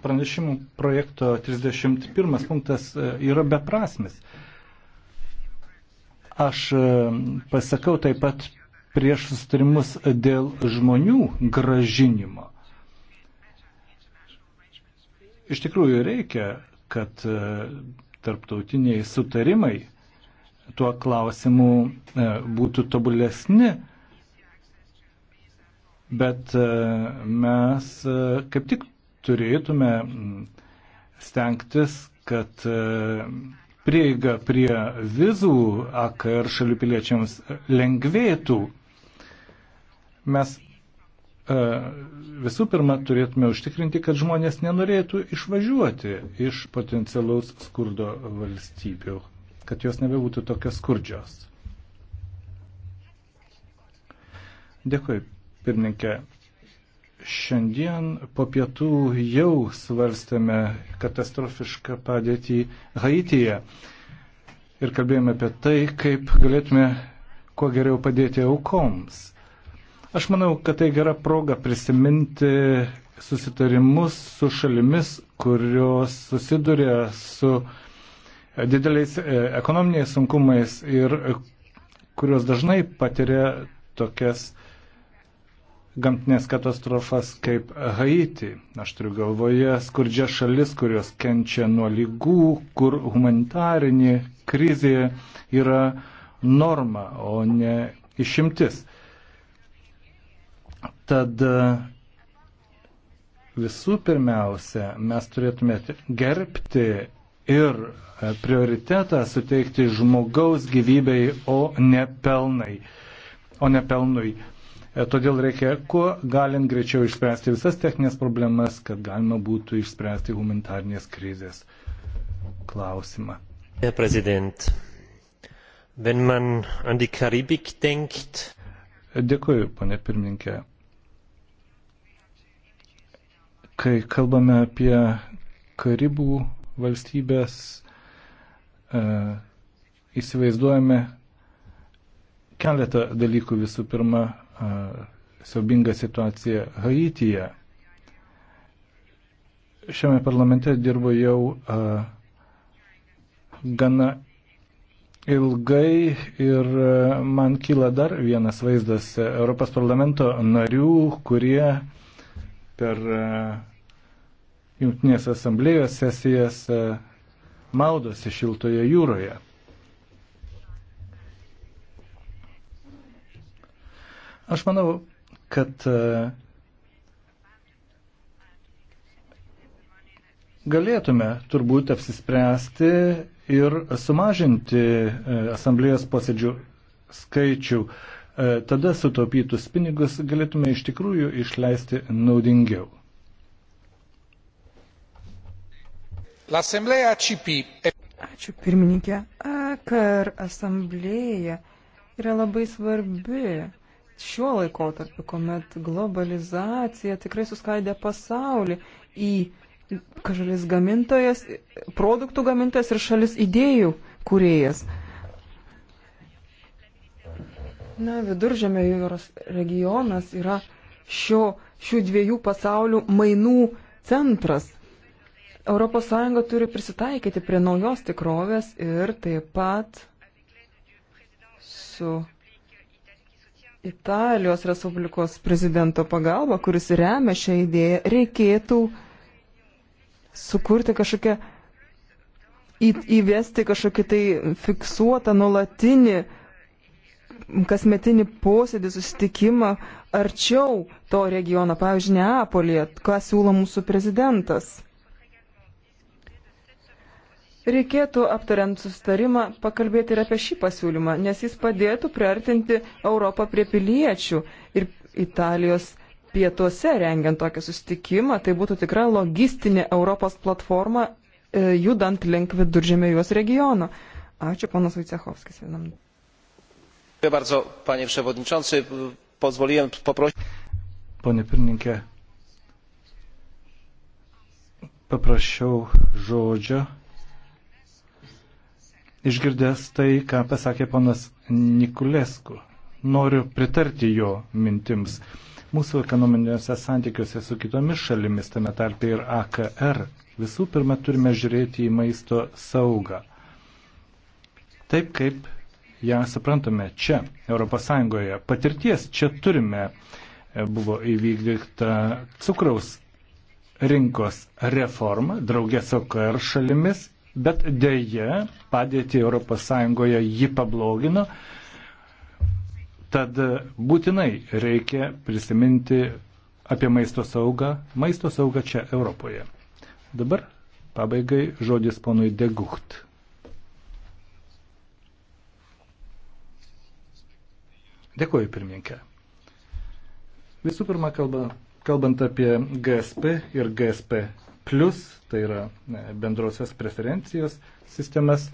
pranešimų projekto 31 punktas e, yra beprasmis. Aš e, pasakau taip pat prieš sustarimus dėl žmonių gražinimo. Iš tikrųjų reikia, kad tarptautiniai sutarimai tuo klausimu būtų tobulesni Bet e, mes e, kaip tik turėtume stengtis, kad e, prieiga prie vizų AKR šalių piliečiams lengvėtų. Mes visų pirma turėtume užtikrinti, kad žmonės nenorėtų išvažiuoti iš potencialaus skurdo valstybių, kad jos nebebūtų tokios skurdžios. Dėkui, pirmininkė. Šiandien po pietų jau svarstėme katastrofišką padėtį Haityje ir kalbėjome apie tai, kaip galėtume kuo geriau padėti aukoms. Aš manau, kad tai gera proga prisiminti susitarimus su šalimis, kurios susiduria su dideliais e, ekonominiais sunkumais ir kurios dažnai patiria tokias gamtinės katastrofas kaip Haiti. Aš turiu galvoje skurdžia šalis, kurios kenčia nuo lygų, kur humanitarinė krizė yra norma, o ne išimtis. Tad visų pirmiausia, mes turėtume gerbti ir prioritetą suteikti žmogaus gyvybei, o ne pelnai. O ne pelnui. E, todėl reikia kuo galint greičiau išspręsti visas techninės problemas, kad galima būtų išspręsti humanitarnės krizės klausimą. Herr Präsident, wenn man an die Karibik denkt. Dėkuoju, ponė pirmininkė. Kai kalbame apie Karibų valstybės, e, įsivaizduojame keletą dalykų. Visų pirma, saubingą situaciją Haityje. Šiame parlamente dirbu jau a, gana ilgai ir man kyla dar vienas vaizdas Europos parlamento narių, kurie per jungtinės asamblėjos sesijas maudosi šiltoje jūroje. Aš manau, kad e, galėtume turbūt apsispręsti ir sumažinti e, asamblėjos posėdžių skaičių. E, tada sutaupytus pinigus galėtume iš tikrųjų išleisti naudingiau. L'Assemblea CP. Ačiū pirmininkė. Akar asamblėja yra labai svarbi šiuo laikotarpiu, kuomet globalizacija tikrai suskaidė pasaulį į šalis gamintojas, produktų gamintojas ir šalis idėjų kūrėjas. Na, viduržėmio jūros regionas yra šio, šių dviejų pasaulių mainų centras. ES turi prisitaikyti prie naujos tikrovės ir taip pat su Italijos Respublikos prezidento pagalba, kuris remia šią idėją, reikėtų sukurti kažkokią, į, įvesti kažkokį tai fiksuotą, nulatinį, kasmetinį posėdį, susitikimą arčiau to regiono, pavyzdžiui, Neapolėje, ką siūlo mūsų prezidentas. Reikėtų aptariant sustarimą pakalbėti ir apie šį pasiūlymą, nes jis padėtų priartinti Europą prie piliečių ir Italijos pietuose rengiant tokį sustikimą, tai būtų tikra logistinė Europos platforma e, judant link viduržėmė juos regiono. Ačiū, ponas Vaicehovskis. Vienam. Dziękuję bardzo, panie przewodniczący. Pozwoliłem poprosić. Panie pirmininkė, paprašiau žodžio išgirdęs tai, ką pasakė ponas Nikulesku. Noriu pritarti jo mintims. Mūsų ekonominiuose santykiuose su kitomis šalimis, tame tarpe ir AKR, visų pirma turime žiūrėti į maisto saugą. Taip kaip ją suprantame čia, ES. Patirties čia turime. Buvo įvykdyta cukraus rinkos reforma draugės OKR šalimis bet dėje padėti ES ji pablogino. Tad būtinai reikia prisiminti apie maisto saugą, maisto saugą čia Europoje. Dabar pabaigai žodis ponui Degucht. Dėkuoju, pirmininkė. Visų pirma, kalba, kalbant apie GSP ir GSP plus, tai yra e, bendrosios preferencijos sistemas.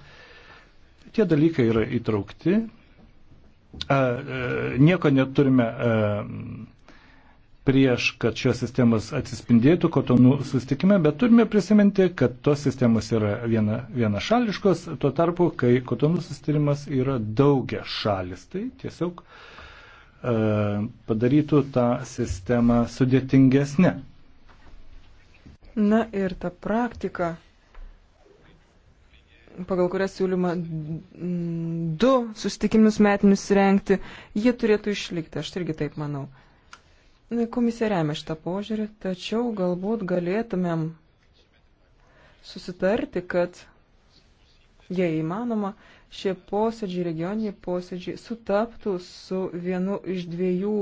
Tie dalykai yra įtraukti. A, a, e, nieko neturime a, e, prieš, kad šios sistemos atsispindėtų kotonų sustikime, bet turime prisiminti, kad tos sistemos yra viena, vienašališkos, tuo tarpu, kai kotonų sustikimas yra daugia šalis. Tai tiesiog padarytų tą sistemą sudėtingesnę. Na ir ta praktika, pagal kurią siūlyma mm, du susitikimus metinius rengti, jie turėtų išlikti, aš irgi taip manau. Komisija remia šitą požiūrį, tačiau galbūt galėtumėm susitarti, kad, jei įmanoma, šie posėdžiai, regioniniai posėdžiai sutaptų su vienu iš dviejų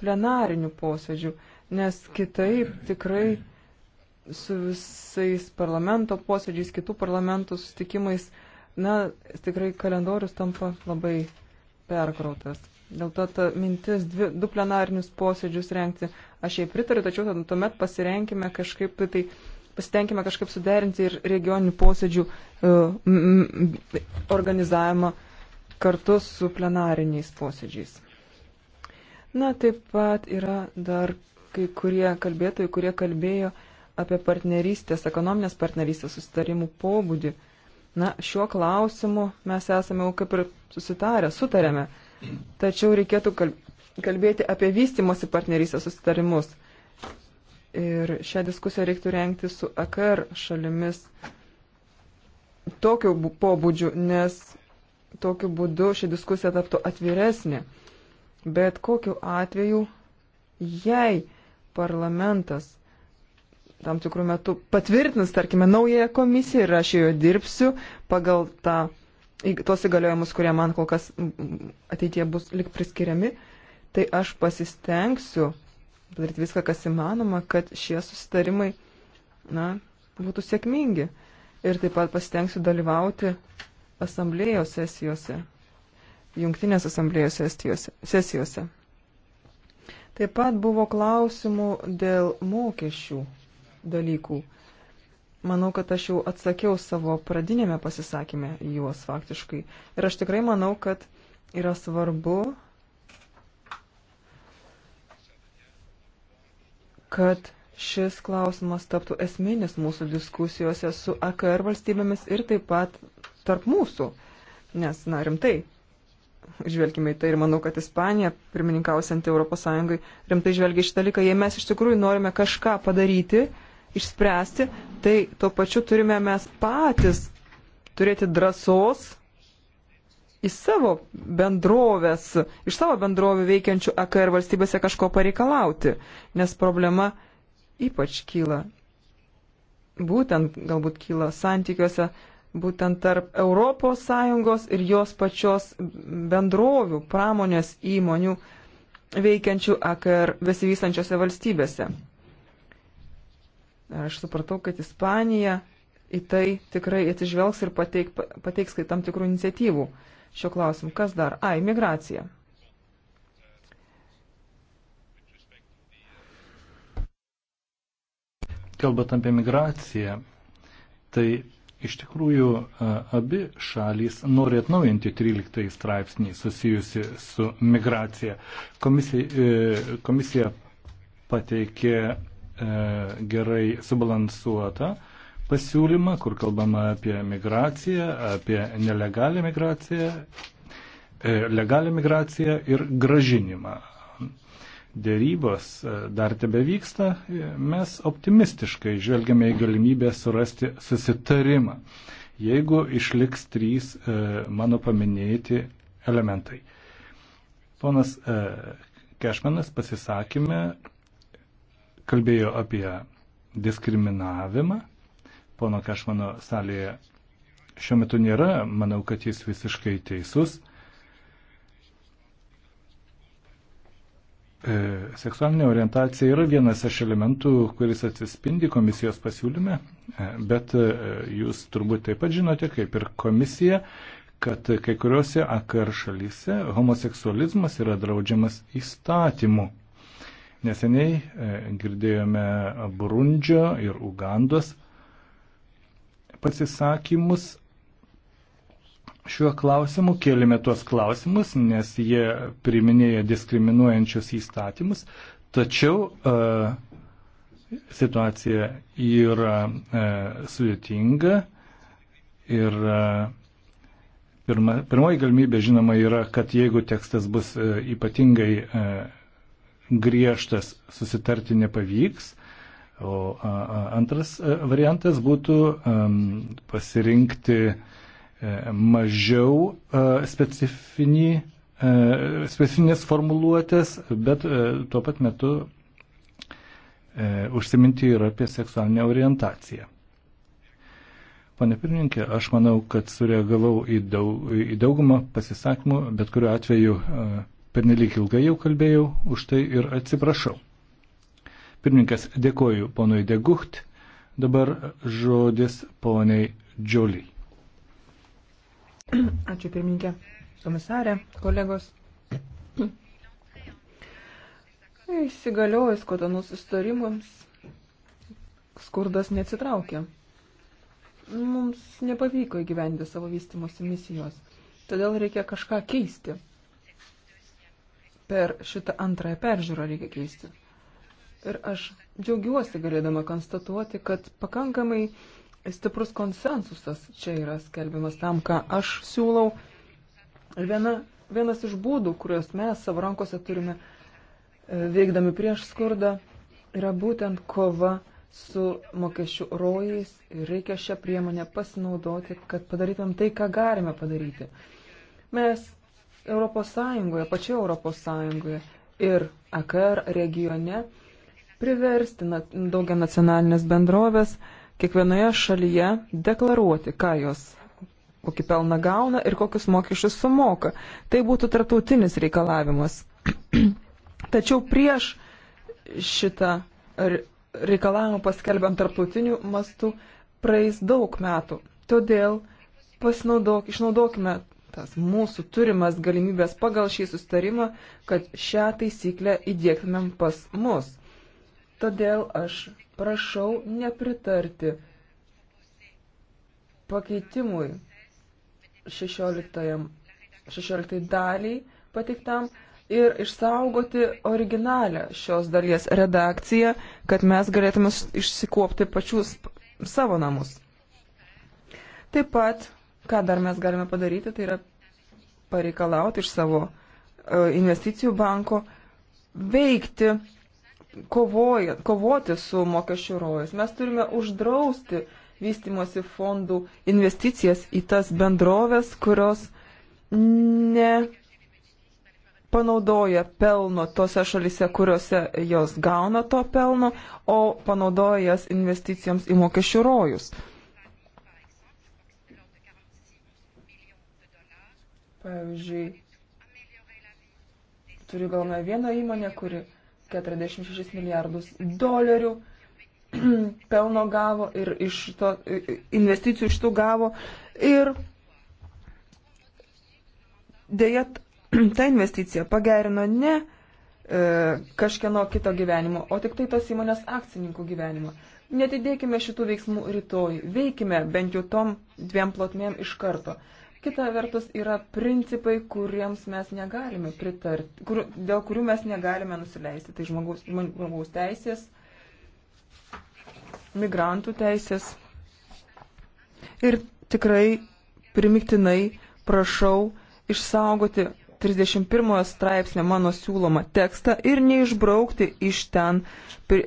plenarinių posėdžių, nes kitaip tikrai su visais parlamento posėdžiais, kitų parlamentų sustikimais, na, tikrai kalendorius tampa labai perkrautas. Dėl to ta mintis dvi, du plenarinius posėdžius renkti, aš jai pritariu, tačiau tuomet pasirenkime kažkaip tai, tai pasitenkime kažkaip suderinti ir regioninių posėdžių uh, organizavimą kartu su plenariniais posėdžiais. Na, taip pat yra dar kai kurie kalbėtojai, kurie kalbėjo uh, apie partnerystės, ekonominės partnerystės susitarimų pobūdį. Na, šiuo klausimu mes esame jau kaip ir susitarę, sutarėme. Tačiau reikėtų kalbėti apie vystimosi partnerystės susitarimus. Ir šią diskusiją reiktų rengti su AKR šalimis tokiu pobūdžiu, nes tokiu būdu ši diskusija taptų atviresnė. Bet kokiu atveju, jei parlamentas tam tikrų metų patvirtins, tarkime, naująją komisiją ir aš joje dirbsiu pagal tą, tuos įgaliojimus, kurie man kol kas ateitie bus lik priskiriami, tai aš pasistengsiu daryti viską, kas įmanoma, kad šie susitarimai na, būtų sėkmingi. Ir taip pat pasistengsiu dalyvauti asamblėjos sesijose, jungtinės asamblėjos sesijose. sesijose. Taip pat buvo klausimų dėl mokesčių dalykų. Manau, kad aš jau atsakiau savo pradinėme pasisakymė juos faktiškai. Ir aš tikrai manau, kad yra svarbu, kad šis klausimas taptų esminis mūsų diskusijose su AKR valstybėmis ir taip pat tarp mūsų. Nes, na, rimtai, žvelgime į tai ir manau, kad Ispanija, pirmininkausianti ES, rimtai žvelgia šitą dalyką, jei mes iš tikrųjų norime kažką padaryti, išspręsti, tai tuo pačiu turime mes patys turėti drąsos į savo bendrovės, iš savo bendrovių veikiančių AKR valstybėse kažko pareikalauti, nes problema ypač kyla. Būtent galbūt kyla santykiuose būtent tarp ES ir jos pačios bendrovių, pramonės įmonių veikiančių AKR besivystančiose valstybėse. Aš supratau, kad Ispanija į tai tikrai atsižvelgs ir pateik, pateiks kai tam tikrų iniciatyvų. Šio klausimu, kas dar? A, imigracija. Kalbant apie migraciją, tai iš tikrųjų abi šalys nori atnaujinti 13 straipsnį susijusi su migracija. Komisija, e, komisija pateikė E, gerai subalansuotą pasiūlymą, kur kalbama apie migraciją, apie nelegalią migraciją, e, legalią migraciją ir gražinimą. Dėrybos e, dar tebe vyksta, mes optimistiškai žvelgiame į galimybę surasti susitarimą, jeigu išliks trys mano paminėti elementai. Ponas Kešmenas pasisakymė kalbėjo apie diskriminavimą. Pono Kašmano salėje šiuo metu nėra, manau, kad jis visiškai teisus. E, seksualinė orientacija yra vienas iš elementų, kuris atsispindi komisijos pasiūlyme, e, bet e, jūs turbūt taip pat žinote, kaip ir komisija, kad kai kuriuose AKR šalyse homoseksualizmas yra draudžiamas įstatymu. Neseniai e, girdėjome Burundžio ir Ugandos pasisakymus. Šiuo klausimu kėlėme tuos klausimus, nes jie priminėjo diskriminuojančius įstatymus, tačiau e, situacija yra e, sudėtinga ir e, pirma, pirmoji galimybė, žinoma, yra, kad jeigu tekstas bus e, ypatingai e, griežtas, susitarti nepavyks. O antras e, variantas būtų pasirinkti e, mažiau e, specifinį, specifinės formuluotės, bet tuo pat metu užsiminti ir apie seksualinę orientaciją. Pane pirmininkė, aš manau, kad sureagavau į, daug, į daugumą pasisakymų, bet kuriuo atveju Pernelyg ilgai jau kalbėjau, už tai ir atsiprašau. Pirmininkas, dėkoju ponui Degucht, dabar žodis poniai Džioliai. Ačiū pirmininkė, komisarė, kolegos. Įsigaliojus kotonų sustarimams, skurdas neatsitraukė. Mums nepavyko įgyvendinti savo vystimosi misijos, todėl reikia kažką keisti per šitą antrąją peržiūrą reikia keisti. Ir aš džiaugiuosi galėdama konstatuoti, kad pakankamai stiprus konsensusas čia yra skelbiamas tam, ką aš siūlau. Ir viena, vienas iš būdų, kuriuos mes savo rankose turime e, veikdami prieš skurdą, yra būtent kova su mokesčių rojais ir reikia šią priemonę pasinaudoti, kad padarytum tai, ką galime padaryti. Mes Europos Sąjungoje, pačioje Europos Sąjungoje ir AKR regione priversti daugia nacionalinės bendrovės kiekvienoje šalyje deklaruoti, ką jos kokį pelną gauna ir kokius mokesčius sumoka. Tai būtų tartautinis reikalavimas. *clears throat* Tačiau prieš šitą reikalavimą paskelbiant tarptautiniu mastu praeis daug metų. Todėl pasinaudok, išnaudokime tas mūsų turimas galimybės pagal šį sustarimą, kad šią taisyklę įdėktumėm pas mus. Todėl aš prašau nepritarti pakeitimui 16, 16 daliai pateiktam ir išsaugoti originalią šios dalies redakciją, kad mes galėtume išsikuopti pačius savo namus. Taip pat Ką dar mes galime padaryti, tai yra pareikalauti iš savo e, investicijų banko veikti, kovoja, kovoti su mokesčių rojais. Mes turime uždrausti vystimosi fondų investicijas į tas bendrovės, kurios ne panaudoja pelno tose šalise, kuriuose jos gauna to pelno, o panaudoja jas investicijoms į mokesčių rojus. Pavyzdžiui, turiu galvoje vieną įmonę, kuri 46 milijardus dolerių *clears throat* pelno gavo ir iš to investicijų iš tų gavo. Ir dėja, *clears throat* ta investicija pagerino ne e, kažkieno kito gyvenimo, o tik tai tos įmonės akcininkų gyvenimo. Netidėkime šitų veiksmų rytoj, veikime bent jau tom dviem plotmėm iš karto. E, kita vertus yra principai, kuriems mes negalime pritarti, kur, dėl kurių mes negalime nusileisti. Tai žmogaus, žmogaus teisės, migrantų teisės. Ir tikrai primiktinai prašau išsaugoti 31 straipsnio mano siūlomą tekstą ir neišbraukti iš ten e,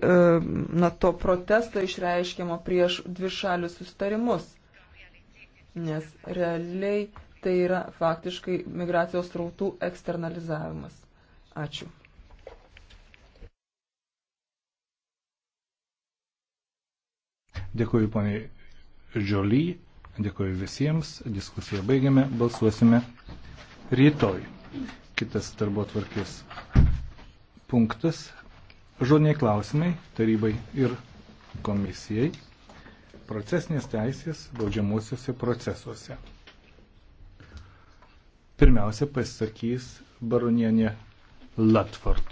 na, to protesto išreiškiamo prieš dvišalius sustarimus nes realiai tai yra faktiškai migracijos trautų eksternalizavimas. Ačiū. Dėkuoju poniai Žioly, dėkuoju visiems, diskusiją baigiame, balsuosime rytoj. Kitas darbo tvarkės punktas. Žodiniai klausimai tarybai ir komisijai procesinės teisės baudžiamuosiuose procesuose. Pirmiausia pasisakys baronienė Latford.